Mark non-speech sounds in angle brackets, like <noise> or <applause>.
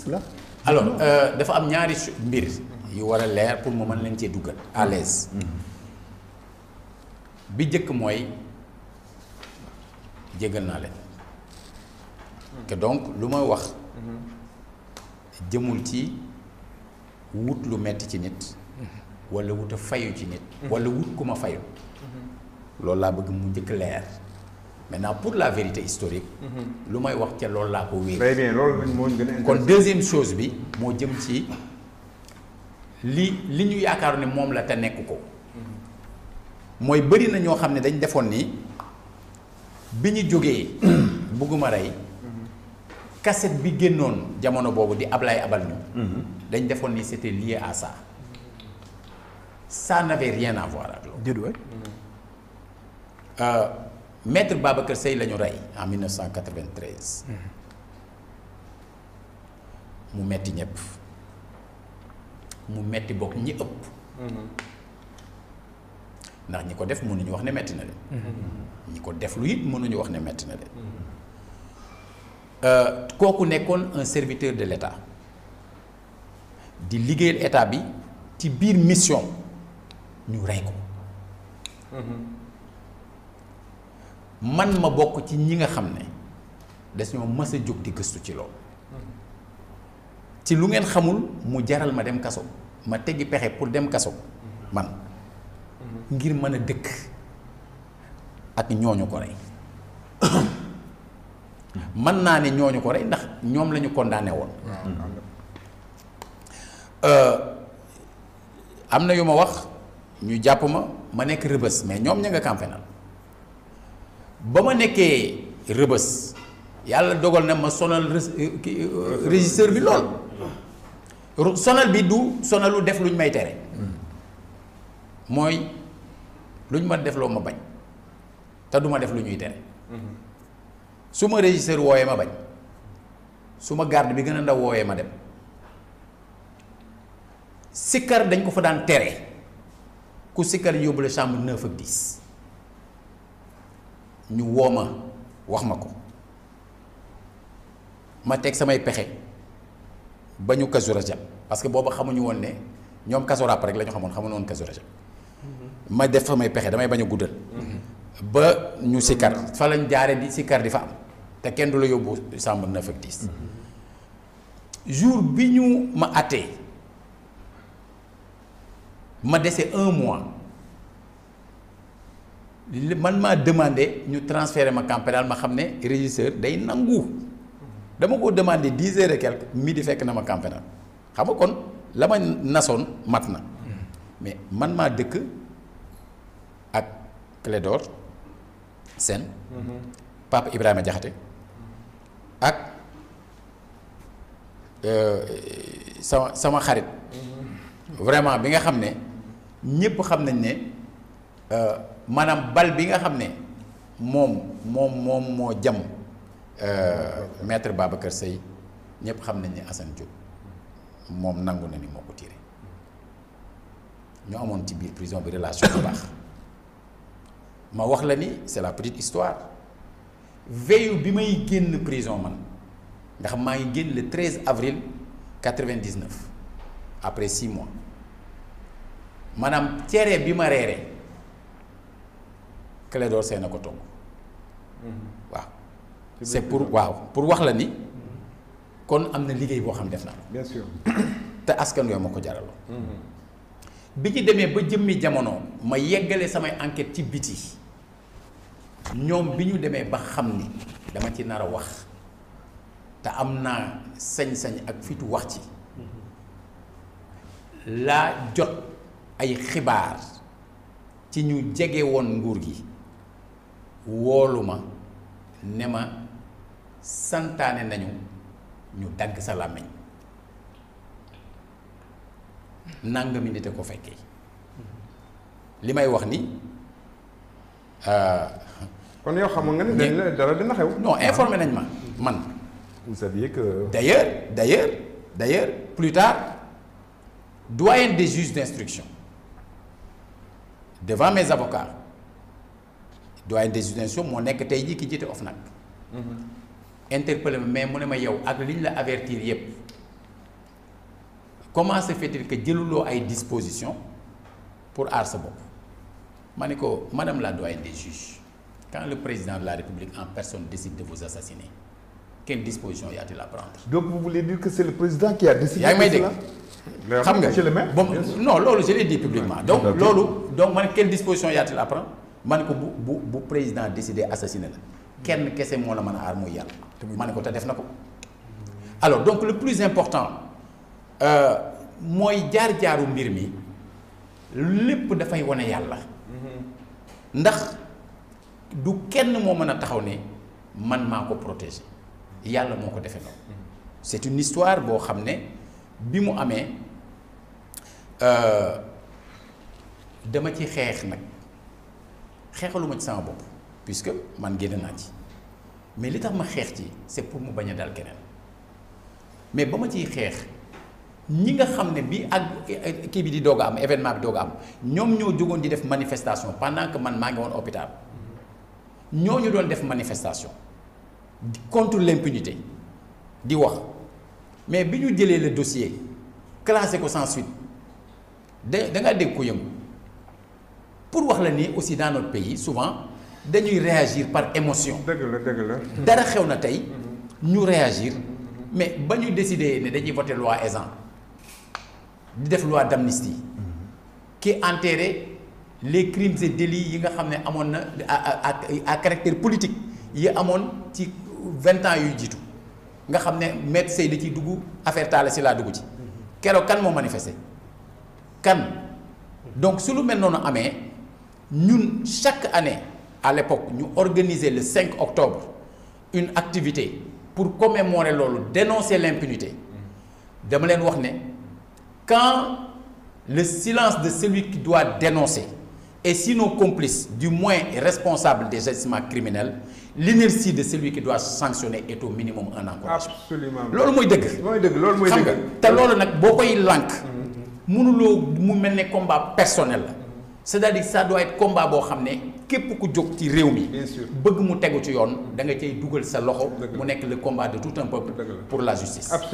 cela alors euh, dafa am ñaari mbir yu war a leer pour mu mën leen cee duggal à mhm. bi njëkk mooy jégal naa leen mhm. que donc lu may wax mhm. jëmul ci wut lu metti ci nit wala wut a ci nit wala wut ku ma fayu loolu laa bëgg mu njëkk leer maintenant pour la vérité historique. ce mhm. may je ca loolu c'est bien deuxième chose bi qui jëm ci li li yaakaar la qui ko. Mhm. na ñoo dañ defoon ni biñu joggé <coughs> bugguma mhm. cassette bi jamono bobu di Ablaye abal ñu. dañ defoon ni c'était lié à ça. ça n'avait rien à voir l'autre euh maître Babacar Sey la ñu en 1993. mu metti ñep mu metti Il ñi ëpp. ndax def ñu wax né metti na mm-hmm. def lu mm-hmm. euh, un serviteur de l'État di État bi mission ñu man ma bokk ci ñi nga xam ne dañoo mës a jóg di gëstu ci loolu ci lu ngeen xamul mu jaral ma dem kaso ma teggi pexe pour dem kaso man ngir mën a dëkk ak ñooñu ko rey mën naa ne ñooñu ko rey ndax ñoom la ñu condamné woon euh, am na yu ma wax ñu jàpp ma ma nekk rëbës mais ñoom ña nga campénal ba ma nekkee rëbës yàlla dogal na ma sonal euh, euh, régisseur bi lool sonal bi du sonalu def lu luñ may tere mooy lu luñ ma def loo ma bañ te duma def lu ñuy tere su ma régisseur wooyee ma bañ su ma garde bi gën a ndaw wooyee ma dem sikkar dañ ko fa daan tere ku sikkar yóbbu la chambre neuf ak dix ñu woo ma wax ma ko ma teg samay pexe ba ñu kasu rajab parce que boobu xamuñu woon ne ñoom kasu ràpp rek la ñu xamoon xamuñu woon kasu rajab mm-hmm. ma def samay pexe damay bañ guddal mm-hmm. ba ñu sikkar fa lañ jaaree di sikkar di fa am te kenn du la yóbbu sàmm na fekk tiis jour bi ñu ma àttee ma dese un mois man suis demandé de transférer ma campagne ma xam régisseur day Je dama ko demandé dix heures et midi que ma campagne. Je xam nga kon la suis me mais man ak Clédor sen Papa Ibrahima ak euh, sama xarit mhm. vraiment je nga xam euh, manam bal bi nga xamné mom mom mom mo moo jam euh, maître Babacar sey ñep xamnañ ni Assane Diop mom nanguna ni moko tiré ñu amone ci biir prison bi relation bu baax ma wax la ni c'est la petite histoire veille bi may genn prison man ndax ma ngi genn le 13 avril 99 après 6 mois manam cere bi ma réré Clédor Sène a ko togg mm-hmm. waaw c'est pour waaw pour wax la ni mm-hmm. kon am na liggéey boo xam def na bien <coughs> te askan yooyu ma ko jaraloon mm-hmm. bi ñu demee ba jëmmi jamono ma yeggalee samay enquête ci biti ñoom bi ñu demee ba xam ni dama ci nar a wax te am naa sañ-sañ ak fitu wax ci laa jot ay xibaar ci ñu jege woon nguur gi woolu ma ne ma santaane nañu ñu dagg sa làmmiñ nangami nit a ko fekkee li may wax ni euh, kon yow xam nga ne dañ la dara dina xew. non informé nañ ma man. vous saviez que. d'ailleurs d'ailleurs d'ailleurs plus tard doyen des juges d'instruction devant mes avocats doyen des juridictions mon nek tay ji ki mm-hmm. interpellé mais je ne yow ak liñ avertir comment se fait-il que jëluloo ay disposition pour aar madame la doyenne des juges quand le président de la république en personne décide de vous assassiner quelle disposition y a-t-il à prendre. donc vous voulez dire que c'est le président qui a décidé. de vous assassiner..? non je l'ai dit publiquement donc quelle disposition y a-t-il à prendre. Maniko, président décidé assassiné la kenn kessé la alors donc le plus important euh, moy jaar-jaaru mbir mi mm-hmm. ndax du kenn mo meuna taxaw ne man mako protéger mm-hmm. c'est une histoire bo xamné bi euh, xeexaluma ci sama bopp puisque man génn naa ci mais li tax ma xeex ci c'est pour mu bañ a dal keneen mais ba ma ciy xeex ñi nga xam ne bi ak kii bi di doog a am événement bi doog a am ñoom ñoo jógoon di def manifestation pendant que man maa ngi woon hôpital ñooñu doon def manifestation contre l'impunité di wax mais bi ñu jëlee le dossier classé ko sans suite da nga dégg ko yëngu pour wax la ni aussi dans notre pays souvent dañuy réagir par émotion. dëgg on a la. dara ñu réagir mais ba ñu décider de dañuy voter loi Ezzan di def loi d'amnistie qui enterrait les crimes et délits yi nga xam ne à caractère politique yi amoon ci 20 ans yuy jiitu nga xamné ne maître Sey da ciy dugg affaire Talla Sylla dugg ci kéro kan mo manifester kan donc su lu mel noonu amé ñun chaque année à l'époque nous organiser le 5 octobre une activité pour commémorer loolu dénoncer l'impunité dama vous wax quand le silence de celui qui doit dénoncer est sinon complice du moins responsable des gestes criminels l'inertie de celui qui doit sanctionner est au minimum un encouragement. absolument C'est ce dëgg. mooy dëgg loolu mooy que te loolu nag que koy mm-hmm. mu mel ne combat personnel la c'est-à-dire ça doit être combat qui xam ne képp ku ci réew bien sûr Si mu avez ci yoon da nga cay dugal sa loxo. mu le combat de tout un peuple. pour la justice.